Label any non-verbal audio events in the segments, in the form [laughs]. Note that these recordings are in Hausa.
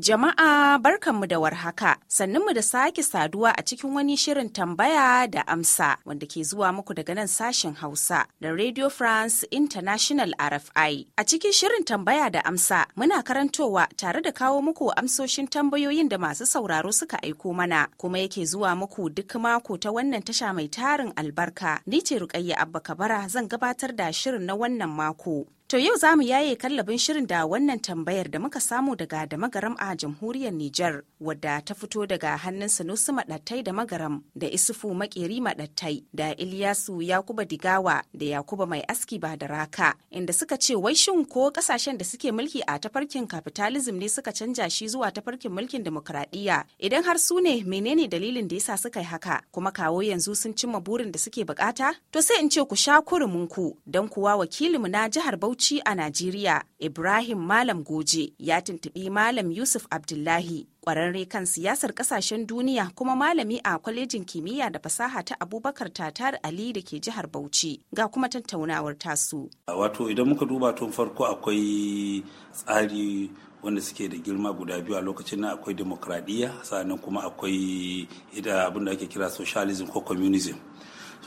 Jama'a barkanmu da warhaka, sannunmu da sake saduwa a cikin wani shirin tambaya da amsa wanda ke zuwa muku daga nan sashen Hausa da Radio France International RFI. A cikin shirin tambaya da amsa muna karantowa tare da kawo muku amsoshin tambayoyin da masu sauraro suka aiko mana kuma yake zuwa muku duk mako ta wannan tasha mai tarin albarka. Ni ce Rukayya Abba Kabara zan gabatar da shirin na wannan mako. To yau za mu yaye kallabin shirin da wannan tambayar da muka samu daga da magaram a jamhuriyar Nijar wadda ta fito daga hannun Sanusi Maɗattai da magaram da Isufu maƙeri Maɗattai da Ilyasu Yakuba Digawa da Yakuba Mai Aski ba da Raka inda suka ce wai shin ko kasashen da suke mulki a tafarkin kapitalizm ne suka canja shi zuwa tafarkin mulkin demokradiyya idan har su ne menene dalilin da yasa suka yi haka kuma kawo yanzu sun cimma burin da suke bukata to sai in ce ku sha kurumin ku don kuwa wakilinmu na jihar Bauchi Bauchi a Najeriya, Ibrahim Malam Goje ya tuntuɓi Malam Yusuf Abdullahi, ƙwararre kan siyasar ƙasashen duniya kuma malami a kwalejin kimiyya da fasaha ta Abubakar Tatar Ali da ke jihar Bauchi. Ga kuma tattaunawar tasu. Wato idan muka duba tun farko akwai tsari wanda suke da girma guda biyu a lokacin nan akwai demokradiyya sannan kuma akwai abin da ake kira socialism ko communism.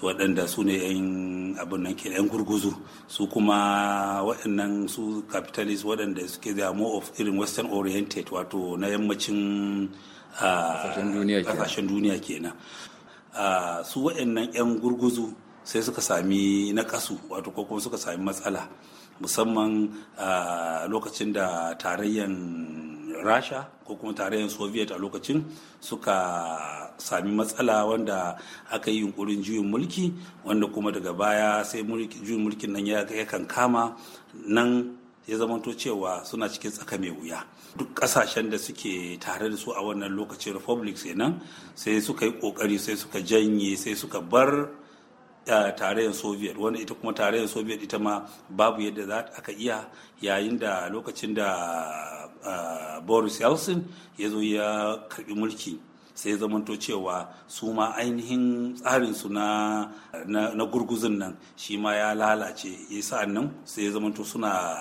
waɗanda su ne 'yan abin nan ke 'yan gurguzu su kuma waɗannan su capitalist waɗanda suke da more of irin western oriented wato na yammacin ah, ƙasashen duniya kenan ah, su waɗannan 'yan gurguzu sai suka sami nakasu wato ko kuma suka sami matsala musamman ah, lokacin da tarayyan rasha ko kuma tarayyar soviet a lokacin suka sami matsala wanda aka yi yunkurin juyin mulki wanda kuma daga baya sai juyin mulkin nan yakan kama nan ya zamanto cewa suna cikin tsaka mai wuya duk kasashen da suke tare da su a wannan lokacin republic nan sai suka yi kokari sai suka janye sai suka bar tarayyar soviet wanda ita kuma tarayyar soviet ita ma babu yadda za aka iya yayin da lokacin da boris yeltsin ya zo ya karbi mulki sai ya zamanto cewa su ma ainihin tsarinsu na, na, gurguzun nan shi ma ya lalace ya sa'an nan sai ya zamanto suna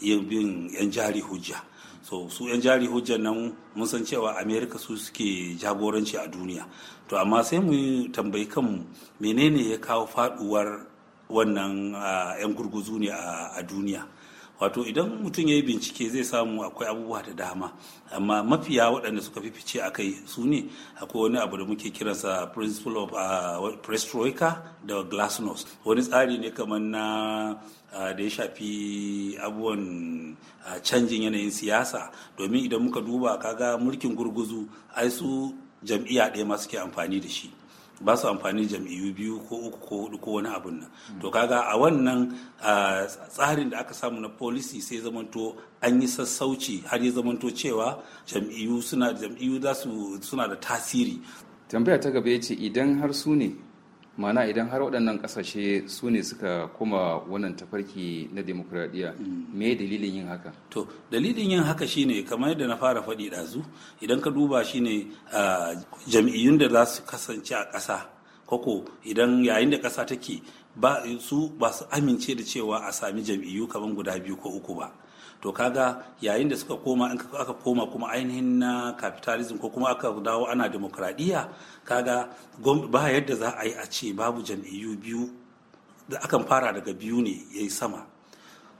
yin bin 'yan jari hujja so su 'yan jari hujjan nan mun san cewa amerika su suke jagoranci a duniya to amma sai mu tambayi kanmu menene ya kawo faduwar wannan 'yan gurguzu ne a duniya wato idan mutum ya yi bincike zai samu akwai abubuwa da dama amma mafiya waɗanda suka fi fice a kai su ne akwai wani abu da muke kiransa principle of uh, da glasnost wani tsari ne kamar na ah, da ya shafi abubuwan ah, canjin yanayin siyasa domin idan muka duba kaga mulkin gurguzu ai su jam'iyya ɗaya ma suke amfani da shi ba su amfani jam'iyyu biyu ko uku ko hudu ko wani abun nan to kaga a wannan tsarin da aka samu na policy sai zamanto an yi sassauci har ya zamanto cewa jam'iyyu suna jam'iyyu suna da tasiri tambaya ta gaba ya ce idan har su ne mana idan har waɗannan ƙasashe su ne suka koma wannan tafarki na demokuraɗiyya mm. me dalilin yin haka to dalilin yin haka shine kamar yadda na fara faɗi ɗazu idan ka duba shine jam'iyyun da za su kasance a ƙasa koko idan yayin da ƙasa take ba su ba su amince da cewa a sami jam'iyyu kamar guda biyu ko uku ba to kaga yayin da suka koma in aka koma kuma ainihin na capitalism ko kuma aka dawo ana demokradiyya kaga ba yadda za a yi a ce babu jam'iyyu biyu da akan fara daga biyu ne ya yi sama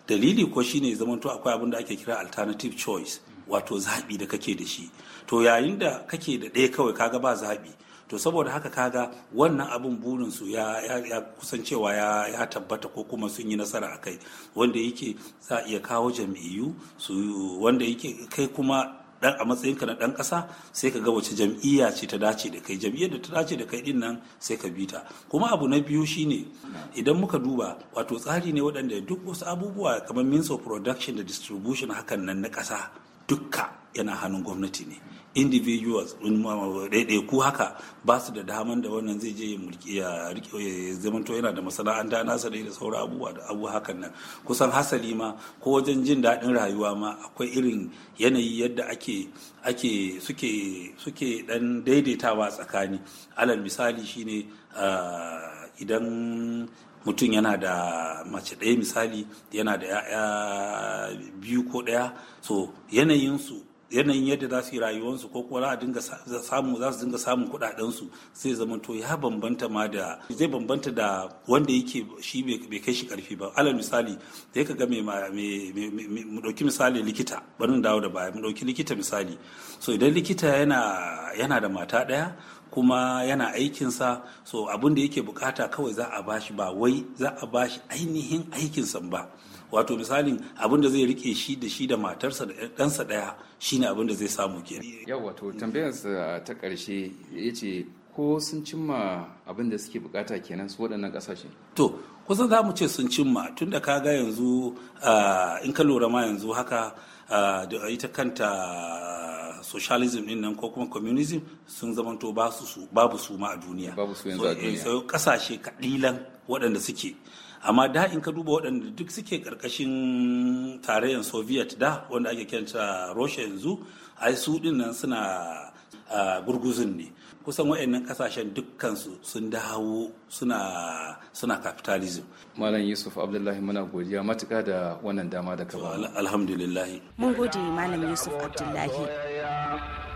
dalili ko shine zamanto akwai abin da ake kira alternative choice wato zaɓi da kake da shi to yayin da kake da ɗaya kawai kaga ba zaɓi to saboda haka kaga wannan abin burin su ya kusancewa ya ya tabbata ko kuma sun yi nasara a kai wanda yake za a iya kawo jam'iyyu su wanda yake kai kuma dan a matsayinka na dan kasa sai ka ga wace jam'iyya ce ta dace da kai jam'iyyar da ta dace da kai din nan sai ka bita kuma abu na biyu shine idan muka duba wato tsari ne waɗanda duk wasu abubuwa kamar means of production da distribution hakan nan na kasa dukka yana hannun gwamnati ne individuals ku haka ba su da daman da wannan zai je ya zamanto yana da masana'anta nasa da sauran abubuwa da abu hakan nan kusan hasali ma ko wajen jin daɗin rayuwa ma akwai irin yanayi yadda ake ake suke suke dan daidaitawa tsakani alal misali shine ah, idan mutum yana da mace ɗaya misali yana da 'ya'ya biyu ko ɗaya so yanayinsu yanayin yadda za su yi rayuwarsu ko kuwa za a dinga samu za su dinga samun kuɗaɗensu sai zama to ya bambanta ma da zai bambanta da wanda yake shi bai kai shi karfi ba alal misali da ka ga mu ɗauki misali likita barin dawo da baya mu ɗauki likita misali so idan likita yana da mata ɗaya kuma yana aikinsa so abin da yake bukata kawai za a bashi ba wai za a bashi ainihin aikinsa ba wato misalin abin da zai rike shi da shi da matarsa da ɗansa ɗaya shine abin da zai samu ke yau wato tambayarsa eh, ta ƙarshe ya ce ko sun cimma abin da suke bukata kenan su waɗannan ƙasashe to kusan za mu ce sun cimma tun da kaga yanzu eh, in ka lura ma yanzu haka eh, da ita kanta socialism din nan ko kuma communism sun zamanto babu su ma a duniya babu su kasashe kadilan waɗanda suke amma da in ka duba waɗanda duk suke ƙarƙashin tarayyar soviet da wanda ake kyanta russia yanzu ai su ɗin nan suna gurguzun ne kusan waɗannan ƙasashen dukkansu sun dawo suna suna capitalism malam yusuf abdullahi muna godiya matuƙa da wannan dama da ka ba alhamdulillah mun gode malam yusuf abdullahi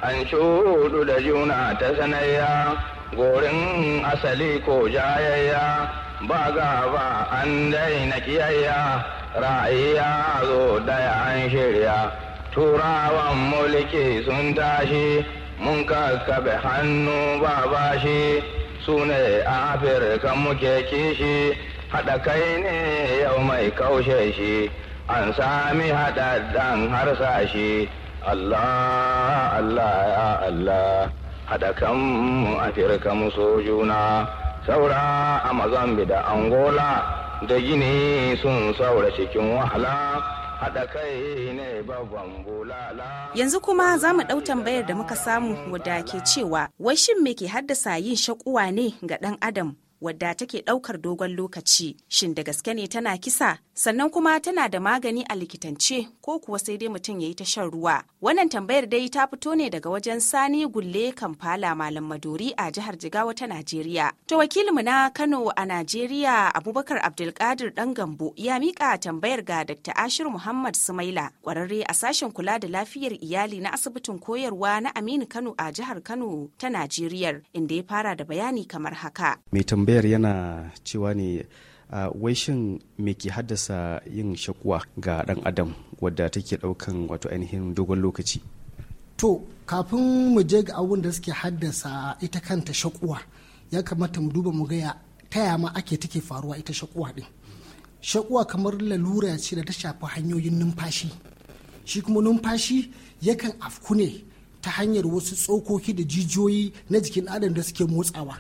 an da juna ta sanayya gorin asali ko jayayya ba ba an daina kiyayya ra'ayya zo daya an shirya turawan mulki sun tashi mun kakkabe hannu ba bashi su ne afirka muke kishi haɗa kai ne yau mai kaushe shi an sami haɗaɗɗan harsashi Allah Allah ya Allah haɗa kanmu afirka mu so juna saura a mazambi da Angola da Gini sun saura cikin wahala haɗa kai ne babban bulala. Yanzu kuma za mu ɗau tambayar da muka samu wadda ke cewa wai shin me ke haddasa yin shakuwa ne ga ɗan Adam wadda take ɗaukar dogon lokaci. Shin da gaske ne tana kisa? Sannan kuma tana da magani a likitance ko kuwa sai dai mutum ya yi ta shan ruwa? Wannan tambayar dai ta fito ne daga wajen Sani Gulle Kamfala Malam Madori a jihar Jigawa ta Najeriya. To wakilinmu na Kano a Najeriya Abubakar Abdulkadir Dan Gambo ya miƙa tambayar ga Dr. Ashir Muhammad Sumaila ƙwararre a sashen kula da lafiyar iyali na asibitin koyarwa na Aminu Kano a jihar Kano ta Najeriya inda ya fara da bayani kamar haka. tambayar yana cewa ne a ah, wai shin me ke haddasa yin shakuwa ga dan adam wadda take daukan wato ainihin dogon lokaci to kafin mu je ga abun da suke haddasa ita kanta shakuwa ya kamata mu duba mu gaya taya ma ake take faruwa ita shakuwa din shakuwa kamar lalura ce da ta shafi hanyoyin numfashi shi kuma numfashi yakan afku ne ta hanyar wasu tsokoki da jijiyoyi na jikin adam da suke motsawa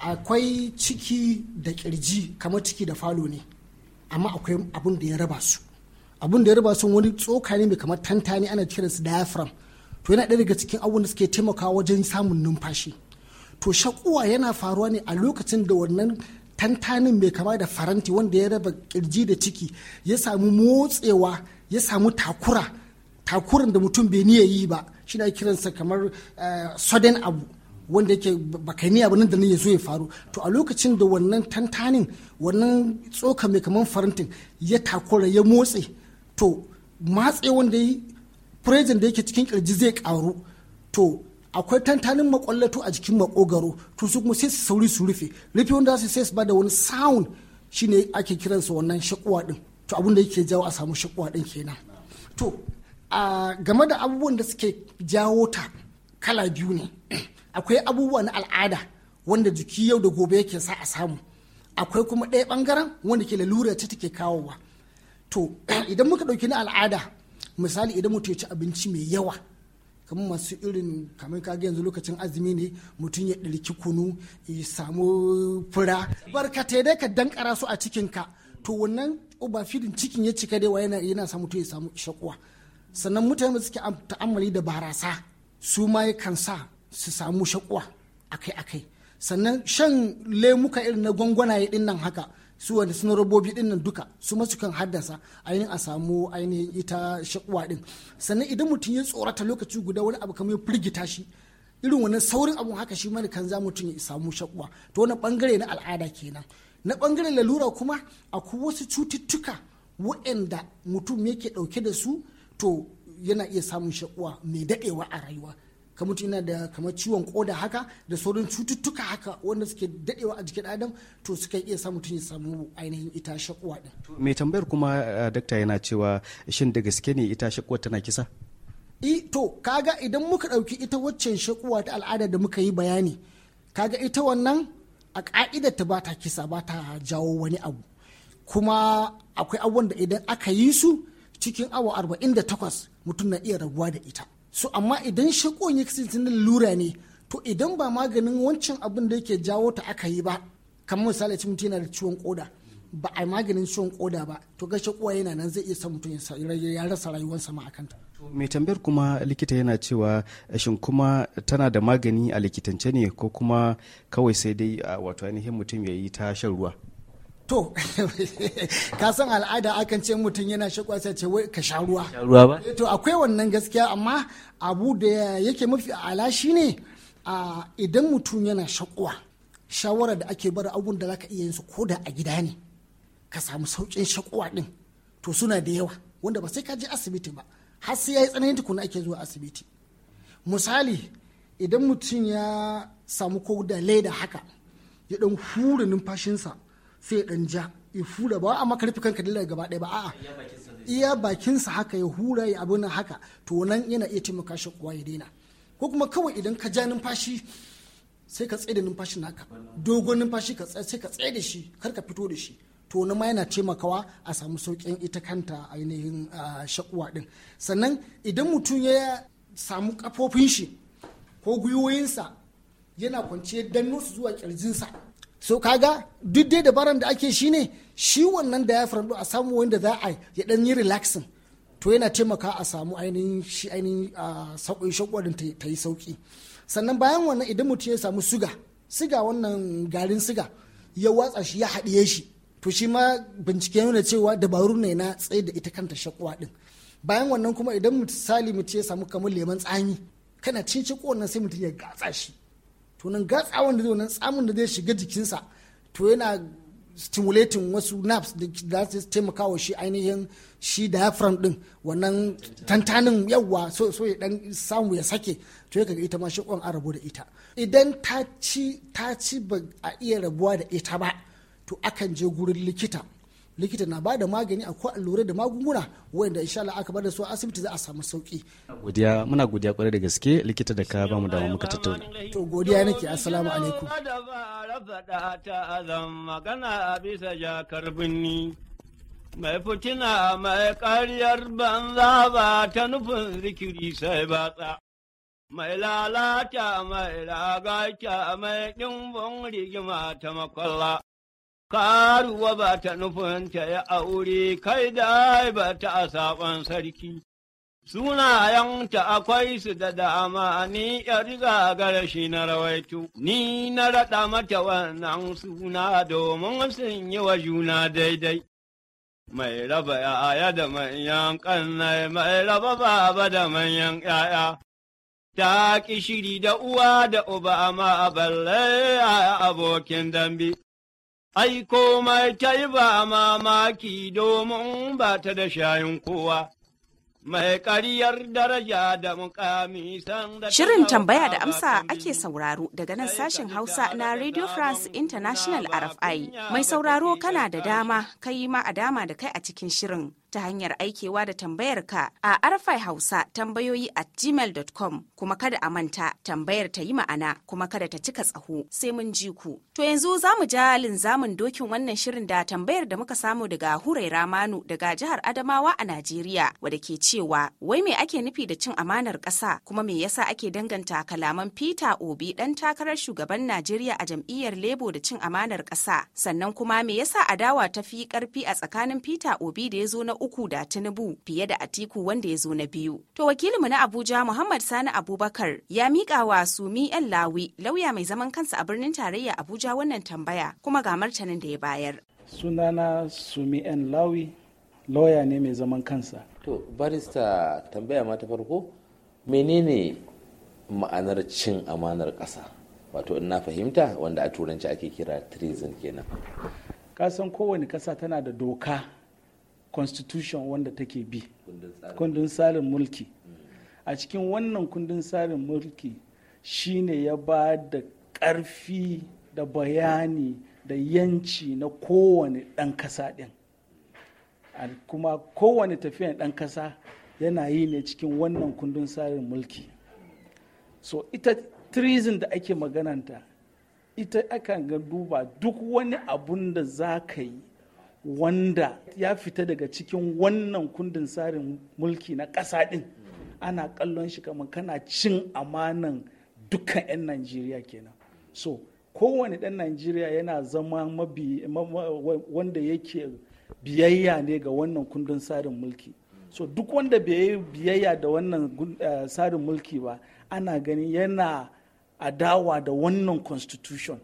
akwai ciki da kirji kamar ciki da falo ne amma akwai abin da ya raba su abun da ya raba su wani tsoka ne mai kamar tantani ana kiran su diaphragm to yana ɗaya daga cikin abubuwan da suke taimakawa wajen samun numfashi to shakuwa yana faruwa ne a lokacin da wannan tantanin mai kama da faranti wanda ya raba kirji da ciki ya samu motsewa ya samu takura takuran da mutum bai niyya yi ba shi na kiransa kamar eh, sudden abu wanda yake baka niyya ba nan da nan ya zo ya faru to a lokacin da wannan tantanin wannan tsoka mai kamar farantin ya takura ya motse to matse wanda yi da yake cikin kirji zai karu to akwai tantanin makwallato a jikin makogaro to su kuma sai su sauri su rufe rufe wanda su sai su bada wani sound shine ake kiransa wannan shakuwa din to abin da yake jawo a samu shakuwa din kenan to a game da abubuwan da suke jawo ta kala biyu ne [clears throat] akwai abubuwa na al'ada wanda jiki yau da gobe yake sa a samu akwai kuma ɗaya ɓangaren wanda ke lalura ce take kawowa to [clears throat] idan muka ɗauki na al'ada misali idan mutum ya ci abinci mai yawa kamar masu irin kamar ka yanzu lokacin azumi ne mutum ya ɗirki kunu ya samu fura barkatai dai ka dankara su a cikinka to wannan uba filin cikin ya cika dai yana yana sa mutum ya samu shakuwa sannan mutane da suke ta'amali da barasa su ma yakan sa su samu shakuwa akai-akai sannan shan lemuka irin na gwangwanaye din nan haka su wani suna robobi din nan duka su masu kan haddasa ainihin a samu ainihin ita shakuwa din sannan idan mutum ya tsorata lokaci guda wani abu kamar ya firgita shi irin wannan saurin abun haka shi ma kan za mutum ya samu shakuwa to wani bangare na al'ada kenan na bangaren lalura kuma akwai wasu cututtuka waɗanda mutum yake ɗauke da su to yana iya samun shakuwa mai daɗewa a rayuwa ka mutu yana da kamar ciwon koda haka da sauran cututtuka haka wanda suke daɗewa a jikin adam to suka iya samun tuni ya samu ainihin ita shakuwa din mai tambayar kuma eh, dakta yana cewa shin da gaske ne ita shakuwa tana kisa i to kaga idan muka ɗauki ita waccan shakuwa ta al'ada da muka yi bayani kaga ita wannan a ka'idar ta bata kisa bata jawo wani abu kuma akwai abubuwan da idan aka yi su cikin awa 48 mutum na iya raguwa da ita so amma idan shakon ya kasance na lura ne to idan ba maganin wancan abin da yake jawo ta aka yi ba kamar misali ci mutum yana da ciwon koda ba a maganin ciwon koda ba to ga shakuwa yana nan zai iya sa mutum ya rasa rayuwarsa ma akanta mai tambayar kuma likita yana cewa shin kuma tana da magani a likitance ne ko kuma kawai sai dai wato ainihin mutum ya yi ta shan ruwa to [laughs] ka san al'ada akan ce mutum yana shakwa sai ce wai ka sha ruwa eh to akwai wannan gaskiya amma abu da yake mafi ala shine idan mutum yana shakwa shawara da ake bar abun da zaka iya yin su ko da a gida ne ka samu saukin shakwa din to suna da yawa wanda ba sai ka je asibiti ba har sai yayi tsananin tukuna ake zuwa asibiti misali idan mutum ya samu ko da leda haka ya dan hura numfashinsa sai dan ja ya fura ba amma karfi kanka dila gaba ɗaya ba a'a iya bakinsa haka ya hura ya abin haka to nan yana iya taimaka shi kuwa ya daina ko kuma kawai idan ka ja numfashi sai ka tsaye da numfashin naka dogon numfashi ka tsaye sai ka tsaye da shi kar ka fito da shi to ma yana taimakawa a samu saukin ita kanta ainihin shakuwa din sannan idan mutum ya samu kafofin shi ko gwiwoyinsa yana kwanciyar danno su zuwa kirjinsa so kaga duk dai dabaran da ake shi ne shi wannan da ya faru a samu wanda za a ya dan yi relaxing to yana taimaka a samu ainihin shi ainihin sauƙin shakwarin ta yi sauƙi sannan bayan wannan idan mutum ya samu suga siga wannan garin siga ya watsa shi ya haɗiye shi to shi ma bincike nuna cewa dabaru ne na tsaye da ita kanta shakwa din bayan wannan kuma idan misali mutum ya samu kamar lemon tsami kana cin shi wannan sai mutum ya gatsa shi to nan gatsawan da zai da zai shiga jikinsa to yana stimulating wasu nerves da za su taimaka wa shi ainihin shi diaphragm din wannan tantanin yawwa so so ya dan samu ya sake to kaga ita ma shi kon an rabu da ita idan ta ci ta ci ba a iya rabuwa da ita ba to akan je gurin likita likita na ba da magani a akwai allurai da magunguna wanda insha Allah aka bada su asibiti za a samu sauki godiya muna godiya kwarai da gaske likita da ka mu dama muka tattauna to godiya nake assalamu alaikum mai fitina mai ƙaryar banza ba ta nufin zikiri sai ba tsa mai lalata mai ragata mai ɗimbin rigima ta makwalla karuwa ba ta nufinta ya aure kai da ba ta a saɓon sarki. Sunayenta akwai su da dama ni ya riga shi na rawaito. ni na raɗa mata wannan suna domin sun yi wa juna daidai. Mai raba ya da manyan ƙannai, mai raba baba da manyan ‘ya'ya, ta ƙi shiri da uwa da uba amma a balle abokin dambe. ai komai ta yi ba mamaki domin ba ta da shayin kowa. Mai ƙaryar daraja da mukami san da Shirin tambaya da amsa ake sauraro daga nan sashen Hausa na Radio France International RFI. Mai sauraro kana da dama, kai ma a dama da kai a cikin shirin. ta hanyar aikewa da tambayar ka a arfai hausa tambayoyi at gmail.com kuma kada a manta tambayar ta yi ma'ana kuma kada ta cika tsaho sai mun ji ku. To yanzu za mu ja linzamin dokin wannan shirin da tambayar da muka samu daga Hurai Ramanu daga jihar Adamawa a Najeriya wadda ke cewa wai me ake nufi da cin amanar ƙasa kuma me yasa ake danganta kalaman Peter Obi dan takarar shugaban Najeriya a jam'iyyar Labour da cin amanar ƙasa sannan kuma me yasa adawa ta fi ƙarfi a tsakanin Peter Obi da ya zo na uku da Tinubu fiye da Atiku wanda ya zo na biyu. To wakilinmu na Abuja Muhammad Sani Abubakar ya miƙa wa Sumi ‘yan Lawi lauya mai zaman kansa a birnin tarayya Abuja wannan tambaya kuma ga martanin da ya bayar. Sunana Sumi ‘yan Lawi lauya ne mai zaman kansa. To barista tambaya ma ta farko menene ma'anar cin amanar ƙasa wato ina fahimta wanda a turanci ake kira treason kenan. Kasan kowane ƙasa tana da doka constitution wanda take bi kundin tsarin mulki mm. a cikin wannan kundin tsarin mulki shine ya ba da ƙarfi da bayani da yanci na kowane ɗan ƙasa ɗin kuma kowane tafiyan ɗan ƙasa yana yi ne cikin wannan kundin tsarin mulki so ita treason da ake magananta ita akan ga duba duk wani abun da za ka yi wanda ya fita daga cikin wannan kundin tsarin mulki na ƙasa ɗin ana kallon shi kamar kana cin amanan dukkan 'yan najeriya kenan so kowane ɗan najeriya yana zama mabi wanda yake biyayya ne ga wannan kundin tsarin mulki so duk wanda bai yi biyayya da wannan eh, tsarin mulki ba ana gani yana adawa da wannan constitution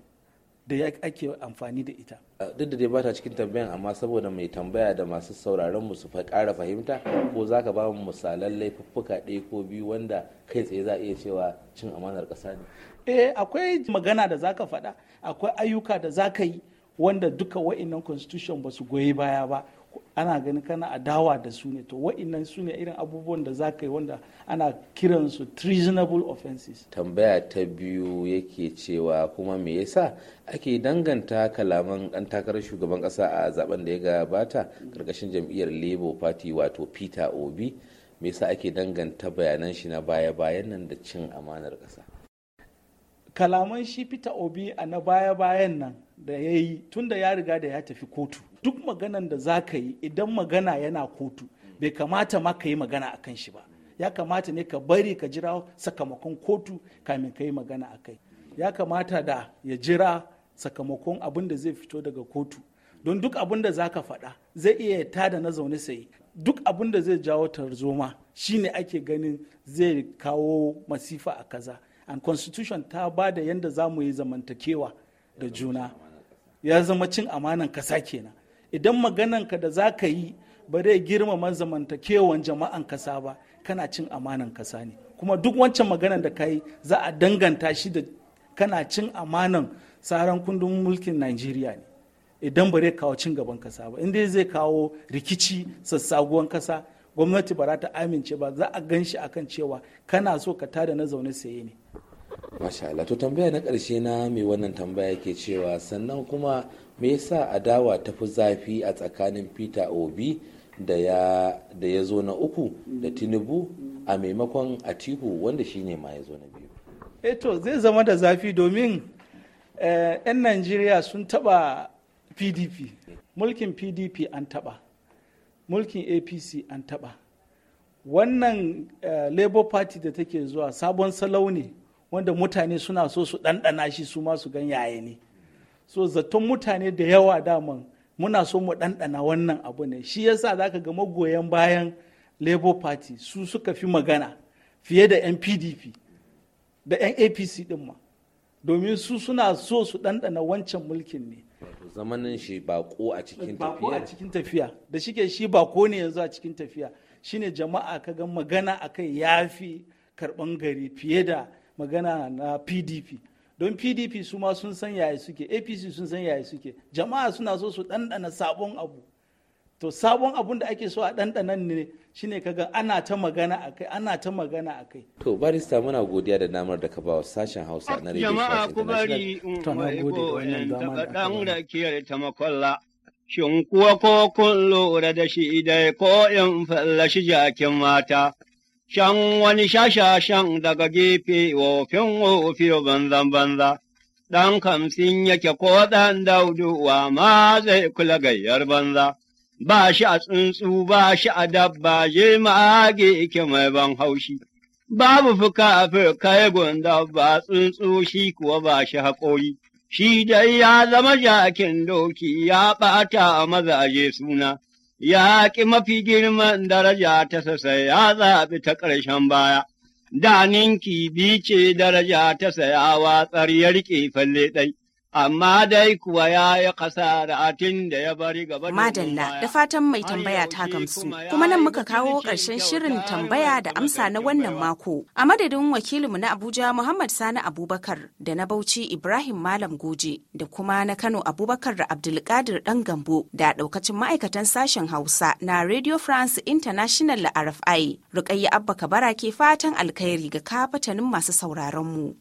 da ya ake amfani da ita. Duk da dai ba ta cikin tambayan amma saboda mai tambaya da masu sauraron mu su ƙara fahimta ko za ka ba mu misalan laifuffuka ɗaya ko biyu wanda kai tsaye za iya cewa cin amanar ƙasa ne. Eh akwai magana da za ka faɗa akwai ayyuka da za ka yi wanda duka wa'innan constitution ba su goyi baya ba ana ganin kana a dawa da su ne to wa'annan su ne irin abubuwan da za ka yi wanda ana kiran su treasonable offenses tambaya ta biyu yake cewa kuma me yasa ake danganta kalaman ɗan takarar shugaban ƙasa a zaben da ya gabata ƙarƙashin jam'iyyar labour party wato peter obi me yasa ake danganta bayanan shi na baya-bayan nan da cin amanar kasa. kalaman shi peter obi a na baya-bayan nan da ya yi tun da ya riga da ya tafi kotu duk maganan da za ka yi idan magana yana kotu bai kamata ma ka yi magana a kan shi ba ya kamata ne ka bari ka jira sakamakon kotu kamin ka yi magana a kai ya kamata da ya jira sakamakon abin da zai fito daga kotu don duk abin da za ka faɗa zai iya tada na zaune sai duk abin da zai jawo tarzoma shine ake ganin zai kawo masifa a kaza and constitution ta ba da yadda za mu yi zamantakewa da juna ya zama cin amanan kasa kenan idan maganarka da za ka yi ba zai girmama zamantakewan jama'an kasa ba kana cin amanan kasa ne kuma duk wancan maganan da ka yi za a danganta shi da kana cin amanan tsaron kundin mulkin najeriya ne idan ba zai kawo cin gaban kasa ba inda zai kawo rikici sassaguwan kasa gwamnati ba za ta amince ba za a gan shi akan cewa kana so ka tada na zaune saye ne masha Allah to tambaya na karshe na mai wannan tambaya ke cewa sannan kuma me yasa adawa ta fi zafi a tsakanin peter obi da ya zo na uku da tinubu a maimakon atiku wanda shine ma ya zo na biyu eto eh zai zama da zafi domin 'yan eh, najeriya sun taba pdp mulkin pdp an taba mulkin apc an taba wannan eh, labour party da take zuwa sabon salau ne wanda mutane suna so su ɗanɗana shi su ma su gan yaye ne so zaton mutane da yawa daman muna so mu ɗanɗana wannan abu ne shi yasa za ka ga magoyan bayan labour party su suka fi magana fiye da yan pdp da yan apc ɗin ma domin su suna so su ɗanɗana wancan mulkin ne zamanin shi bako a cikin tafiya bako a cikin tafiya da shike shi bako ne yanzu a cikin tafiya shine jama'a ka ga magana akai yafi karban gari fiye da magana na pdp don pdp su ma sun san yaya suke apc sun san yaya suke jama'a suna so su ɗanɗana sabon abu to sabon abun da ake so a ɗanɗanan ne shine kaga ana ta magana a kai ana ta magana a kai to barista muna godiya da namar da ka ba sashen hausa na radio jama'a ku bari in na gode da wannan ta makolla shin kuwa ko kun lura da shi dai ko in fallashi jakin mata shan wani shashashan daga gefe wofin wofi banzan banza, ɗan kamsin yake ko ɗan daudu wa ma zai kula gayyar banza, ba shi a tsuntsu ba shi a dabba je ma'age ke mai ban haushi. Babu fuka fuka gunda ba tsuntsu shi kuwa ba shi haƙoyi, shi dai ya zama jakin doki ya ɓata a mazaje suna. ya ƙi mafi girman daraja ta sasa ya zaɓi ta ƙarshen baya, da ninki bice daraja ta saya watsar ya riƙe falle ɗai. amma dai kuwa ya yi da ya bari gaba da Madalla da fatan mai tambaya ta gamsu. Kuma nan muka kawo ƙarshen shirin tambaya da amsa na wannan mako. A madadin wakilinmu na Abuja Muhammad Sani Abubakar da na Bauchi Ibrahim Malam Goje da kuma na Kano Abubakar da Abdulkadir Dan Gambo da ɗaukacin ma'aikatan sashen Hausa na Radio France International RFI. Rukayya Abba Kabara ke fatan alkhairi ga kafatanin masu sauraronmu.